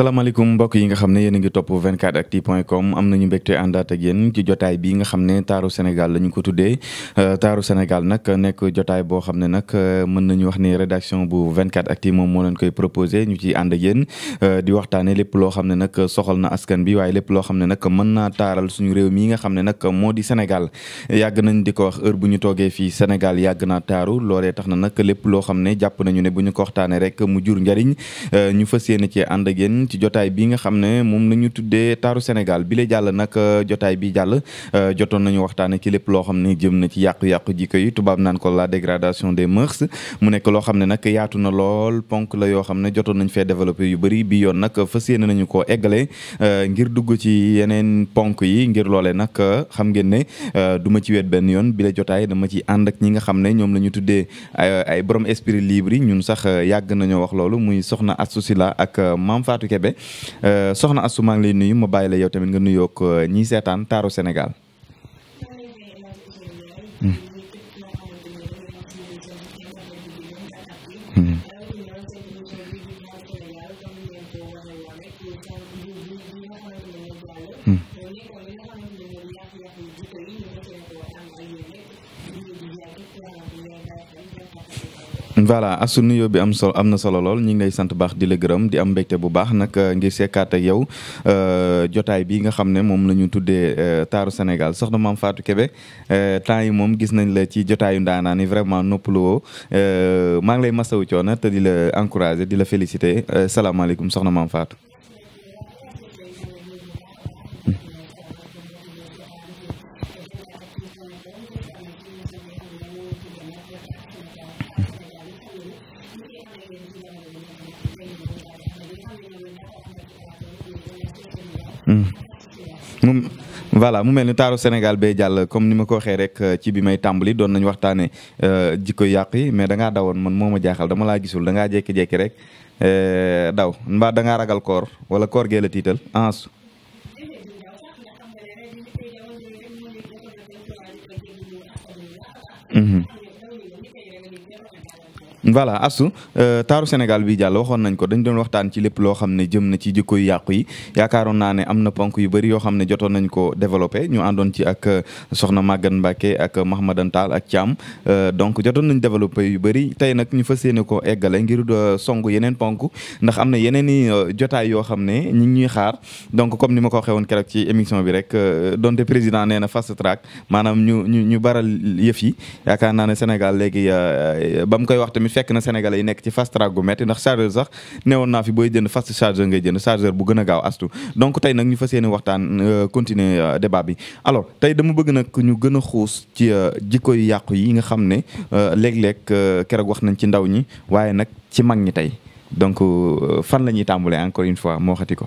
salaamaaleykum mbokk yi nga xam ne yéen a ngi topp 24actu.com am nañu mbégte àndaat ak yéen ci jotaay bi nga xam ne taaru Sénégal la ñu ko tuddee euh, taaru Sénégal nag nekk jotaay boo xam ne nag euh, mën nañu wax ni rédaction bu 24actu moom moo leen koy proposé ñu ciy ànd ak yéen euh, di waxtaanee lépp loo xam ne nag soxal na askan bi waaye lépp loo xam ne nag mën naa taaral suñu réew mi nga xam ne nag moo di Sénégal yàgg nañ di ko wax heure bu ñu toogee fii senegal yàgg naa taaru loole tax na nag lépp loo xam ne jàpp nañu ne bu ñu ko waxtaanee rek mu jur njariñ ñu fas yéene ci ànd ak ci jotaay bii nga xam ne moom la ñu tuddee taaru Sénégal bi la jàll nag euh, jotaay bi jàll euh, jotoon nañu waxtaane ci lépp loo xam ne jëm na ci yàqu-yàqu jikko yi tubaab naan ko la dégradation des mars mu nekk loo xam ne nag yaatu na lool ponk la yoo xam ne jotoon nañ fee développé yu bari bii yoon nag fa yéene nañu koo eggale euh, ngir dugg ci yeneen ponk yi ngir loole nag xam ngeen ne du ma ci wet benn yoon bi la jotaay dama ci ànd ak ñi nga xam ne ñoom la ñu tuddee ay borom esprit libre ñun sax yàgg nañoo wax loolu muy soxna Astou Sylla Kébé euh, soxna Astou maa ngi lay nuyu ma bàyyi la yow tamit nga nuyoo euh, ñii seetaan taaru Sénégal. Hmm. Hmm. voilà asu nuyoo bi am solo am na solo lool ñu ngi lay sant baax di la gërëm di am mbégte bu baax nag euh, ngir sekkaat ak yow euh, jotaay bi nga xam ne moom la ñu tuddee euh, taaru Sénégal soxna maam Fatou Kébé temps yi moom gis nañ la ci jotaayu ndaanaa ni vraiment noppaluwoo maa ngi lay masawu coono te di la encourager di la féliciter salaamaaleykum soxna maam faatu Mm. voilà mu mel ni taaru Sénégal bee jàll comme ni ma ko waxee rek euh, ci bi may tàmbali doon nañu waxtaanee euh, jikko yàq yi mais danga ngaa dawoon man moo ma jaaxal dama laa gisul da ngaa jékki-jékki rek euh, daw mbaa da ngaa ragal koor wala koor gee tiital ans mm-hmm. voilà assu euh, taaru Sénégal bi jàll waxoon nañ ko dañ doon waxtaan ci lépp loo xam ne jëm na ci jikko yu yàqu yi yaakaaroon naa ne am na ponk yu bëri yoo xam ne jotoon nañ ko développé ñu àndoon ci ak euh, soxna Maguette Mbacke ak Mahamadan Tall ak Thiam euh, donc jotoon nañ développé yu bëri tey nag ñu fas yéene ko eggale ngir song yeneen ponk ndax am na yeneen i jotaay yoo xam ne ñi ngi ñuy xaar donc comme ni ma ko waxee woon keroog ci émission bi rek donte président nee na fast track maanaam ñu ñu ñu baral yëf yi yaakaar naa ne Sénégal léegi ba mu koy wax fekk na sénégalais yi nekk ci fast track gu metti ndax chargeur sax newoon naa fi booy jënd fast chargeur ngay jënd chargeur bu gën a gaaw astu donc tey nag ñu fas yéene waxtaan euh, continuer euh, débat bi alors tey dama bëgg nag ku ñu gën a xuus ci euh, jikko yu yàqu yi nga xam ne léeg-léeg keroog wax nañ ci ndaw ñi waaye nag ci mag ñi tey donc fan lañuy ñuy tàmbalee encore une fois moo xati ko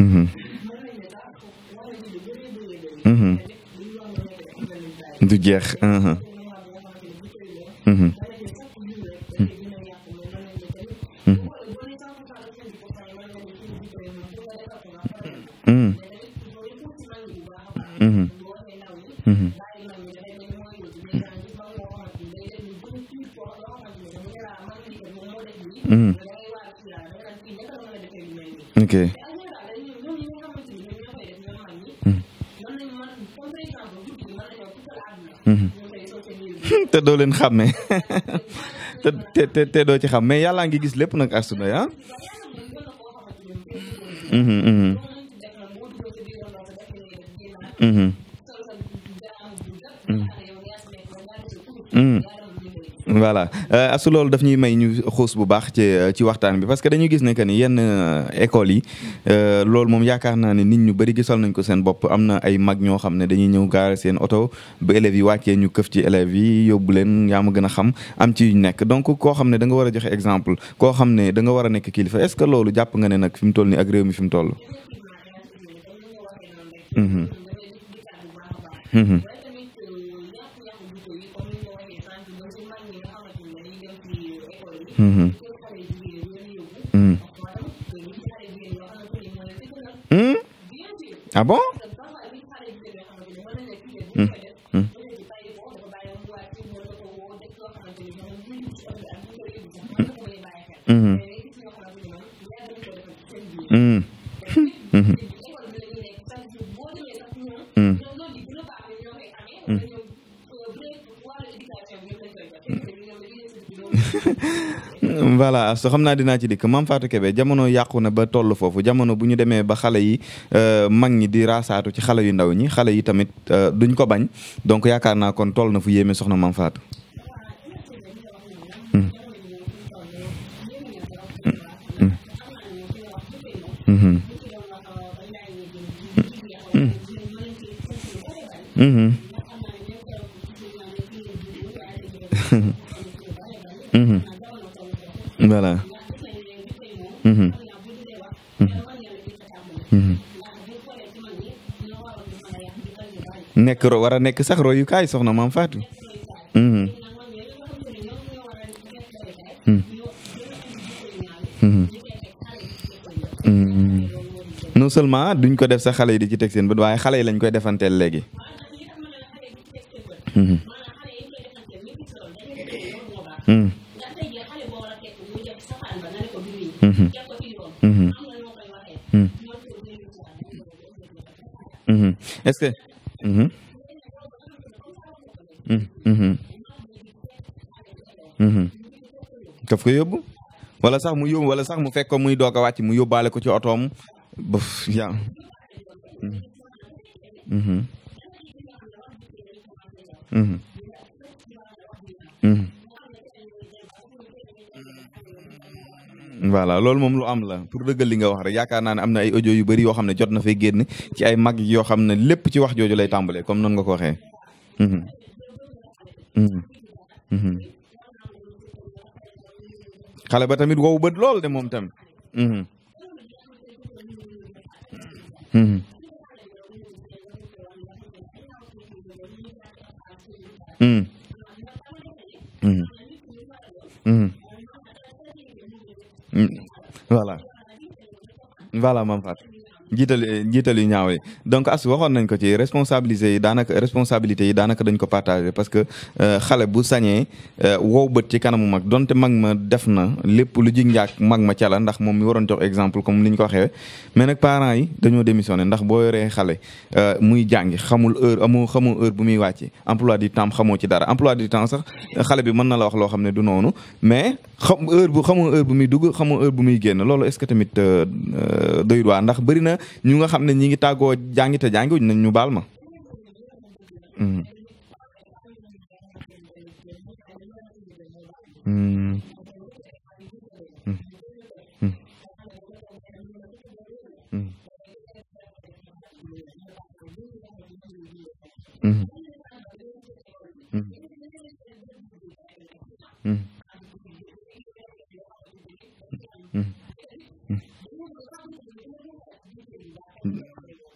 mm-hmm. Mm-hmm. Du jeex. xàmmee te te te doo ci xam mais ngi gis lépp nag Astou Ndoye ah. Mm-hmm. Mm-hmm. voilà euh, asu loolu daf ñuy may ñu xuus bu baax ci euh, ci waxtaan bi parce que dañu gis ne que ni yenn euh, écoles yi loolu moom yaakaar naa ne nit ñu bëri gisal nañ ko seen bopp am na ay mag ñoo xam ne dañuy ñëw gaare seen oto ba élèves yi wàccee ñu këf ci élèves yi yóbbu leen yaa ma gën a xam am ci yuñ nekk donc koo xam ne da nga war a joxe exemple koo xam ne da nga war a nekk kilifa est-ce que loolu jàpp nga ne nag fi mu toll nii ak mi fi mu toll mm-hmm. Mm-hmm. Hmm. Hmm. ah bon hmm. asta xam naa dinaa ci dikk Mame Fatou Kébé jamono yàqu na ba toll foofu jamono bu ñu demee ba xale yi euh, mag ñi di rasaatu ci xale yu ndaw ñi xale yi tamit euh, duñ ko bañ donc yaakaar naa kon toll na fu yéeme soxna Mame Fatou mm voilà. Mm-hmm. Mm-hmm. nekk ro war a nekk sax kaay soxna maam Fatou. Mm-hmm. non duñ ko def sax xale yi di ci teg seen bët waaye xale yi lañ koy defanteel léegi. Mm-hmm. Mm-hmm. est-ce que mm-hmm. daf ko yóbbu wala sax mu yóbbu wala sax mu fekk ko muy doog a wàcc mu yóbbaale ko ci otoom ba ya mhm mhm voilà loolu moom lu am la pour dëggal li nga wax rek yaakaar naa ne am ay audio yu bëri yoo xam ne jot na fay génn ci ay mag yoo xam ne lépp ci wax jooju lay tàmbalee comme noonu nga ko waxee. Mhm. Mhm. Mhm. xale ba tamit wow bët lool de moom tamit. Mm. Vai lá, Mamparo. njiital njiital yu ñaaw yi donc as waxoon nañ ko ci responsabilisé yi daanaka responsabilité yi daanaka dañ ko partage parce que euh, xale bu sañee euh, wow bët ci kanamu mag donte mag ma def na lépp lu ji njaak mag ma ca la ndax moom mi waroon jox exemple comme ni ñu ko waxee mais nag parents yi dañoo démissionné ndax boo yoree xale euh, muy jàngi xamul heure amoo xamoo heure bu muy wàcc emplois du temps xamoo ci dara emploi du temps sax xale bi mën na la wax loo xam ne du noonu mais xam heure bu xamoo bu muy dugg xamoo heure bu muy génn loolu est-ce que tamit doy ndax bëri na ñu nga xam ne ñi ngi tàggoo jàngi te nañ ñu baal ma. Mm.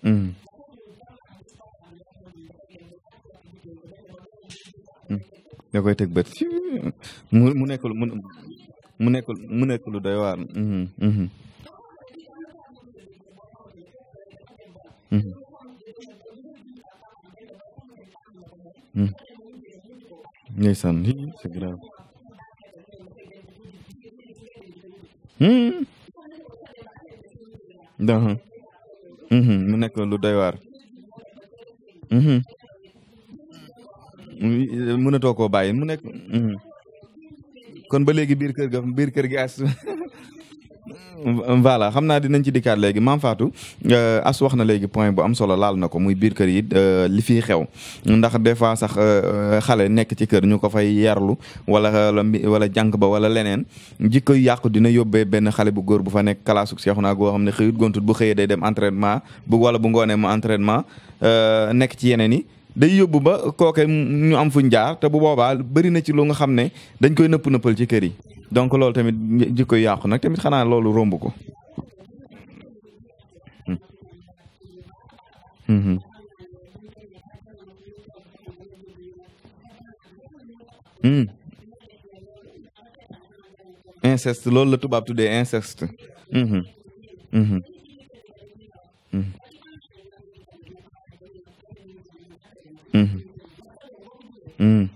Mm. nga mm. teg bët mu mu nekkul mu mu nekkul mu nekkul lu doy waar. Mm-hmm. Mm-hmm. Mm-hmm. Mm. ndeysaan lii c'est grave. Mm. d'accord. Mm-hmm. mu nekk lu doy waar. Mm-hmm. mënatoo koo bàyyi mu nekk. Mm-hmm. kon ba léegi biir kër ga biir kër gi Mm, voilà xam naa dinañ ci dikkaat léegi maam Fatou euh, as wax na léegi point bu am solo laal na ko muy biir kër yi euh, li fiy xew ndax des fois sax euh, xale nekk ci kër ñu ko fay yarlu wala wala jànk ba wala leneen jikko yu dina yóbbee benn xale bu góor bu fa nekk kalaasug seexu naa goo xam ne xëyut gontut bu xëyee day dem entraînement bu wala bu ngoonee mu entraînement nekk ci yeneen yi day yóbbu ba kooke ñu am fuñ jaar te bu boobaa bëri na ci lu nga xam ne dañ koy nëpp nëppal ci kër yi donc loolu tamit jikko yàqu nag tamit xanaa loolu romb ko. Hmm. Hmm. Hmm. inceste loolu la tubaab tuddee um Mm. Mm.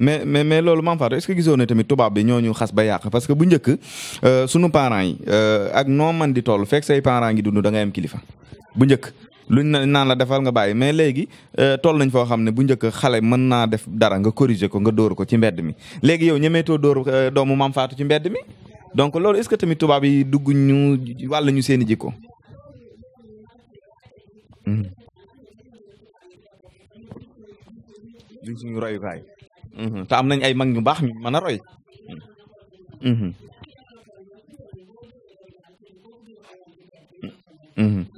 mais mais mais loolu maam Fatou est-ce que gisoo ne tamit tubaab bi ñoo ñu xas ba yàq parce que bu njëkk euh, sunu parents yi euh, ak noo man di toll fekk say parent ngi dund dangayam kilifa bu njëkk. luñ naan la defal nga bàyyi mais léegi euh, tool nañ foo xam ne bu njëkk xale mën naa def dara nga corriger ko nga dóor ko ci mbedd mi léegi yow ñemeetoo dóor euh, doomu maam faatu ci mbedd mi donc loolu est-ce que tamit tubaab yi dugg ñu wàll ñu seen i jikko. Hmm. duñ suñu hmm. am nañ ay mag ñu baax ñu mën a roy. mm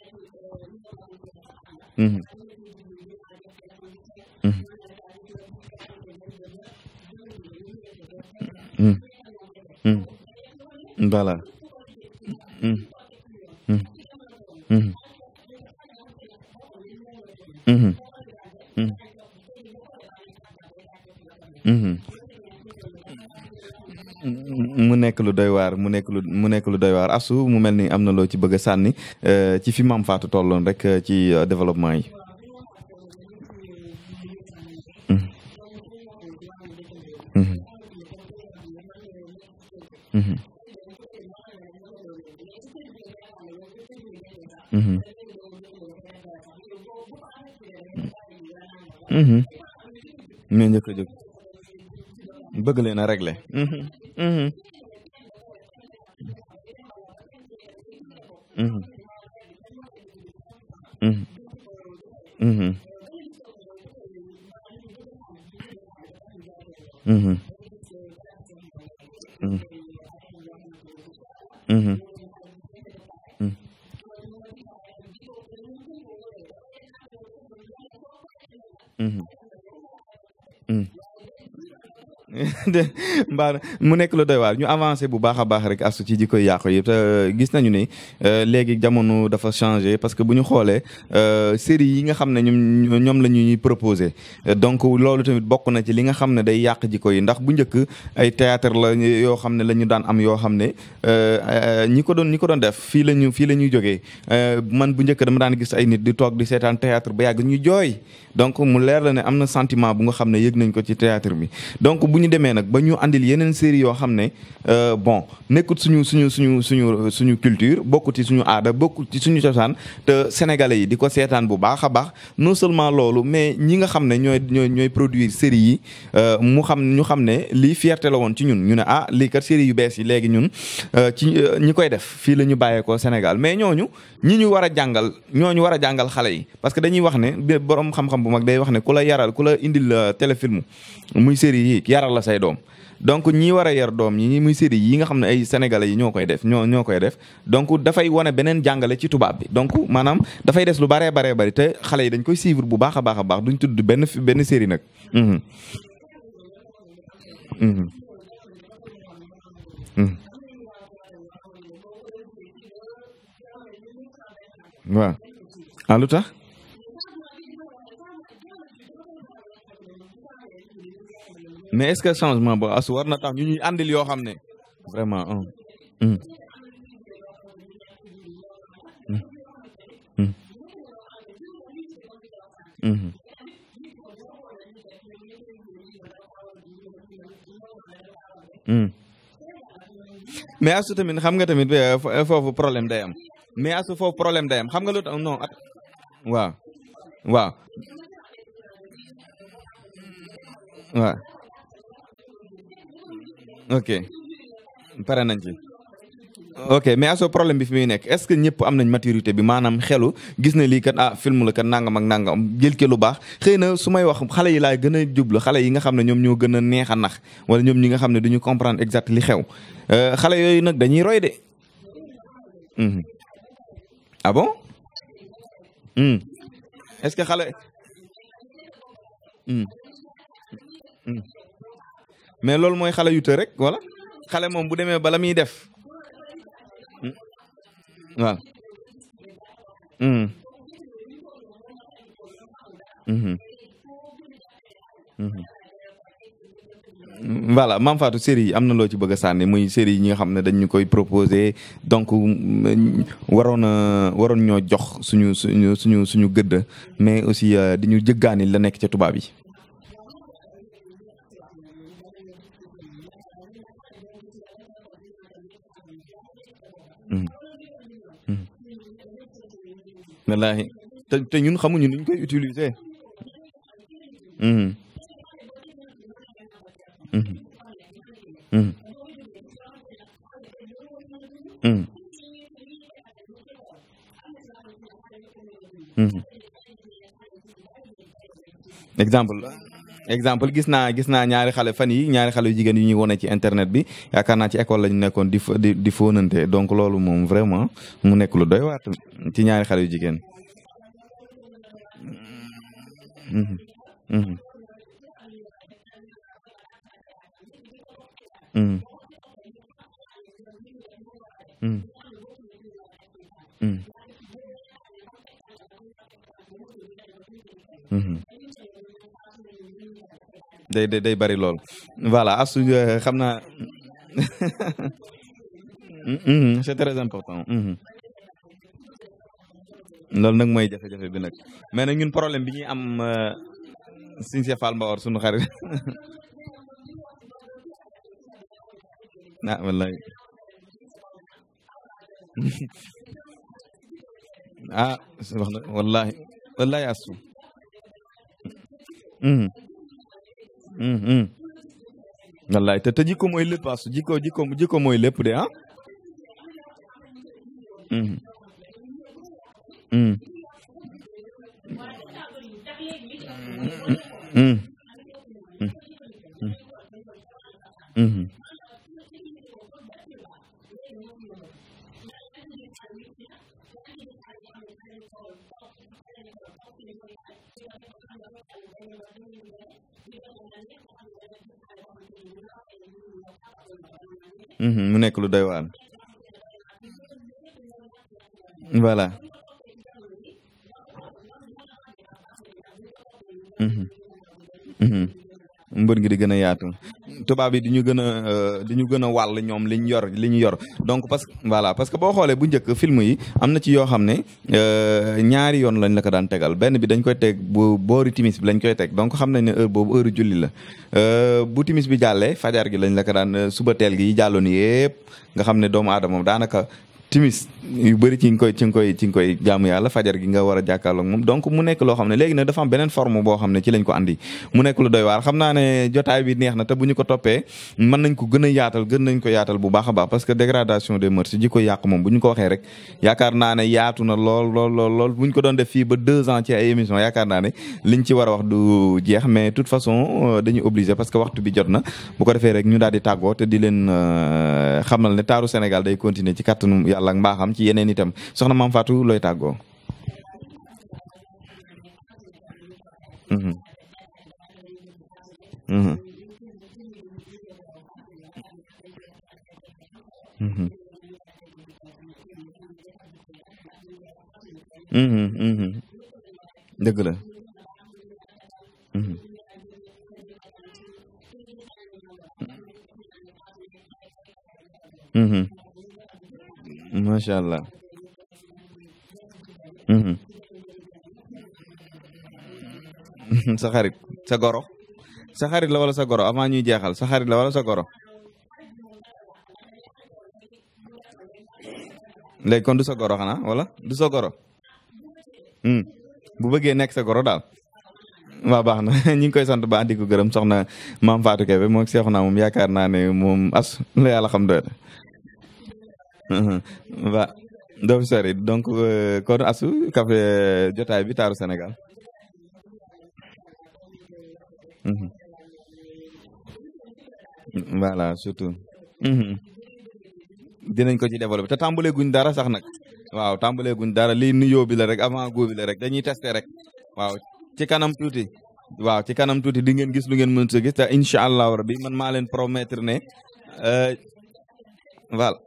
Mhm. mu nekk lu doy waar mu nekk lu mu nekk lu doy waar asu mu mel ni am na loo ci bëgg a sànni euh, ci fi am Fatou tolloon rek euh, ci euh, développement yi. bëgg leen a régler. Mm-hmm. Mm-hmm. mm-hmm. mm-hmm. mm-hmm. de baax mu nekk lu doy waar ñu avancé bu baax a baax rek astu ci jikko yàqu yi euh, gis nañu ni euh, léegi jamono dafa changé parce que bu ñu xoolee euh, série yi nga xam ne ñoom ñoom la ñuy proposé donc loolu tamit bokk na ci li nga xam ne day yàq jikko yi ndax bu njëkk ay théâtre la yoo xam ne la ñu daan am yoo xam ne ñi ko doon ñi ko doon def fii la ñu fii la ñuy jógee man bu njëkk dama daan gis ay nit di toog di seetaan théâtre ba yàgg ñu jooy donc mu leer la ne am na sentiment bu nga xam ne yëg nañ ko ci théâtre bi yeneen série yoo xam ne euh, bon nekkut suñu suñu suñu suñu suñu culture bokkut suñu aada bokkut ci suñu cosaan te sénégalais yi di ko seetaan bu baax a baax non seulement loolu mais ñi nga xam ne ñooy ñooy ñooy produire série yi euh, mu xam ñu xam ne lii fierté la woon ci ñun ñu ne ah lii kat série yu bees yi léegi ñun euh, ci ñi koy def fii la ñu bàyyeekoo Sénégal mais ñooñu ñi ñu war a jàngal ñooñu war a jàngal xale yi parce que dañuy wax ne borom xam-xam bu mag day wax ne ku la yaral ku la indil téléfilm muy série yi yaral la say doom donc ñi war a yar doom ñi muy série yi nga xam ne ay sénégalais yi ñoo koy def ñoo ñoo koy def donc dafay wane beneen jàngale ci tubaab bi donc maanaam dafay des lu baree baree bari te xale yi dañ koy suivre bu baax a baax a baax duñ tudd benn benn série nag. Mhm. Mhm. Mhm. Ah, lu tax. mais est-ce que changement ba as war na tax ñu ñuy àndil yoo xam ne vraiment un hmm. hmm. hmm. mais asu tamit xam nga tamit euh, euh, foofu problème day am mais asu foofu problème day xam nga lu tax non at waaw waaw waaw ok pare nañ ci. ok mais aso problème bi fi muy nekk est-ce que ñëpp am nañ maturité bi maanaam xelu gis na lii kat a ah, film la kat nangam ak nangam jël ke lu baax xëy na su may wax xale yi laay gën a jublu xale yi nga xam ne ñoom ñoo gën a neex a nax wala ñoom ñi nga xam ne dañu comprendre exact li xew euh, xale yooyu nag dañuy roy de. Mhm. ah bon. Mhm. est-ce que xale. Mhm. mais loolu mooy xale yu të rek voilà xale moom bu demee bala muy def hmm. waaw hmm. Hmm. voilà maam Fatou série yi am na loo ci bëgg a sànni muy série yi nga xam ne dañ ñu koy proposé donc waroon a waroon ñoo jox suñu suñu suñu suñu gëdd mais aussi euh, di ñu jëggaani la nekk ca tubaab yi. wallaahi te te ñun xamuñu nuñ koy utiliser. Mhm. Mhm. Mhm. exemple exemple gis naa gis naa ñaari xale fan yi ñaari xale yu jigéen yu ñuy wone ci internet bi yaakaar naa ci école ñu nekkoon di di di fóonante donc loolu moom vraiment mu nekk lu doy waat ci ñaari xale yu jigéen. Mm-hmm. mm-hmm. mm-hmm. mm-hmm. day day bari lool voilà asu euh, xam naa mm-hmm, mm-hmm, c'est très important mm-hmm. loolu nag mooy jafe-jafe bi mais nag ñun problème bi ñuy am euh, Sëñ Cheikh Fall Mbaor sunu xarit ah wallaay ah wax na wallahi wallahi asu Mm-hmm. wallaay te te jikko mooy lépp asu jikko jikko jikko mooy lépp de ah. Mm-hmm. Mm-hmm. Mhm, mu nekk lu doy waar mm mm mbër ngi di gën a yaatu tubaab yi di ñu gën a euh, di ñu gën a wàll ñoom liñ yor li ñu yor donc parce que voilà parce que boo xoolee bu njëkk film yi am na ci yoo xam ne euh, ñaari yoon lañ la ko daan tegal benn bi dañ koy teg bu boori timis bi lañ koy teg donc xam nañ ne heure boobu heure julli la euh, bu timis bi jàllee fajar gi lañ la ko daan suba teel gi yi jàlloon yëpp nga xam ne doomu aadama daanaka timis yu ci nga koy ci nga koy ci nga koy yàlla fajar gi nga war a jàkkaarloog moom donc mu nekk loo xam ne léegi nag dafa am beneen forme boo xam ne ci lañ ko andi mu nekk lu doy waar xam naa ne jotaay bi neex na te bu ñu ko toppee mën nañ ko gën a yaatal gën nañ ko yaatal bu baax a baax parce que dégradation des mœurs ji ko yàq moom bu ñu ko waxee yaakaar naa ne yaatu na lool lool lool lool ñu ko doon def fii ba deux ans ci ay émission yaakaar naa ne liñ ci war wax du jeex mais tout façon euh, dañuy obligé parce que waxtu bi jot na bu ko defee rek ñu daal di tàggoo te di leen euh, xamal ne taaru Sénégal day continuer ci kàttanu yàlla ak ci yeneen itam soxna maam Fatou looy tàggoo. Mm-hmm. Mm-hmm. Mm-hmm. dëgg la. macha allah. Mhm. sa xarit sa goro sa xarit la wala sa goro avant ñuy jeexal sa xarit la wala sa goro. léegi kon du sa goro xanaa wala du sa goro. Hmm. bu bëggee nekk sa goro daal. waaw baax na ñu ngi koy sant ba andi ko gërëm soxna maam Fatou moom seexu naa moom yaakaar naa ne moom as la yàlla xam waa doo fi sori donc euh, kon asu café jotaay bi taaru Sénégal. voilà surtout. dinañ ko ci développé te dara sax nag waaw tàmbalee guñ dara lii nuyoo bi la avant góob bi la rek dañuy testé rek waaw ci kanam tuuti. waaw ci kanam tuuti di ngeen gis lu ngeen mën sa gis te incha allahu rabi man maa leen promettre ne euh, voilà.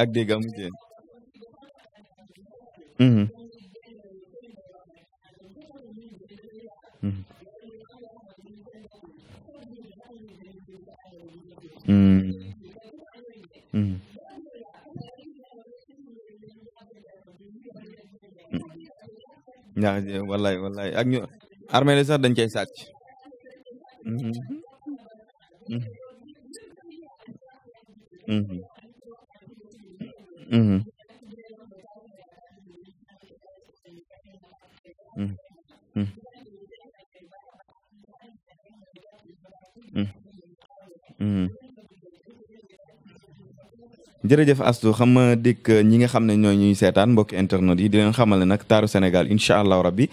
ak dégg am wallaay wallaay ak ñu armée li sax dañ cay sàcc jërëjëf Astou xam ma dikk ñi nga xam ne ñoo ñuy seetaan mbokk internet yi di leen xamal ne nag taaru Sénégal incha allahu rabbi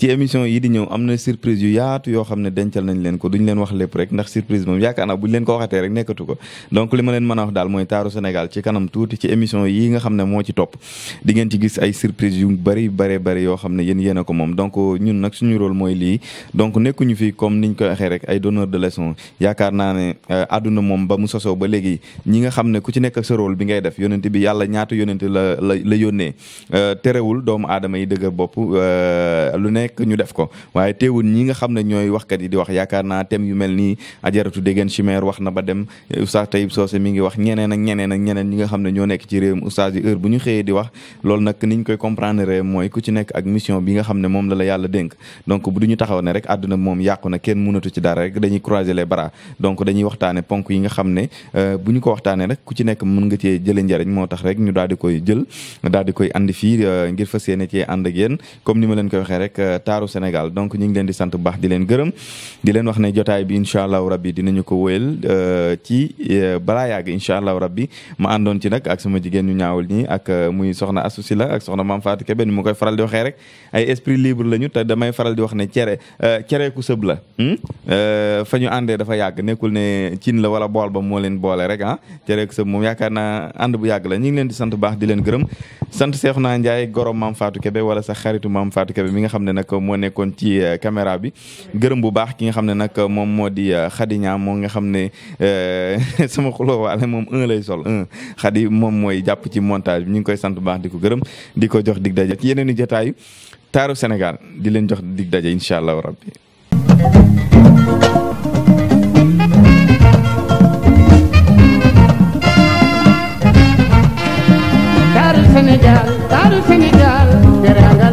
ci émission yi di ñëw am na surprise yu yaatu yoo xam ne dencal nañ leen ko duñ leen wax lépp rek ndax surprise moom yaakaar naa buñ leen ko waxatee rek nekkatu ko donc li ma leen mën a wax daal mooy taaru Sénégal ci kanam tuuti ci émission yi nga xam ne moo ci topp di ngeen ci gis ay surprise yu bëri bëri bëri yoo xam ne yéen yéen a ko moom donc ñun nag suñu rôle mooy lii donc nekkuñu fii comme niñ koy waxee rek ay donneur de leçon yaakaar naa ne euh, àdduna moom ba mu sosoo ba léegi ñi nga xam ne ku ci nekk ak terewul bi ngay def yonent bi yàlla ñaata yonent la la la yónnee euh, doomu aadama yi dëgër bopp euh, lu nekk ñu def ko waaye teewul ñi nga xam ne ñooy waxkat yi di wax yaakaar naa thème yu mel nii ajaratu déggan chimère wax na ba dem euh, oustaz Tayib Socé mi ngi wax ñeneen ak ñeneen ak ñeneen ñi nga xam ne ñoo nekk ci réewum oustaz yi heure bu ñu xëyee di wax loolu nag niñ koy comprendre mooy ku ci nekk ak mission bi nga xam ne moom la la yàlla dénk donc bu duñu taxaw ne rek àdduna moom na kenn mënatu ci dara rek dañuy croiser les cee jëlee njariñ moo tax rek ñu daal di koy jël daal di koy andi fii euh, ngir fas yéene ci ànd ak yéen comme ni ma leen koy waxee rek euh, taaru Sénégal donc ñu ngi leen di sant bu baax di leen gërëm di leen wax ne jotaay bi incha allahu rabbi dinañu ko wéyal euh, ci balaa yàgg incha allahu rabbi ma andoon ci nag ak suma jigéen ñu ñaawul ñi ak muy soxna Astou la ak soxna Mame Fatou Kébé ni mu koy faral di waxee rek ay esprit libre lañu te damay faral di wax ne cere cere ku sëb la hmm? fa ñu àndee dafa yàgg nekkul ne cin la wala bool ba moo leen boole rek ah cere naa ànd bu yàgg la ñu ngi leen di sant baax di leen gërëm sant Cheikhouna Ndiaye gorom maam Fatou Kébé wala sax xaritu maam Fatou Kébé mi nga xam ne nag moo nekkoon ci eh, caméra bi gërëm bu baax ki nga xam ne nag moom moo di eh, Khady moo nga xam ne eh, sama xuloo waale moom un lay sol un moom mooy jàpp ci montage bi ñu ngi koy sant baax di ko gërëm di ko jox dig daje ci yeneen i jotaayu taaru Sénégal di leen jox dig daje incha allahu rabbi Sénégal taaru Sénégal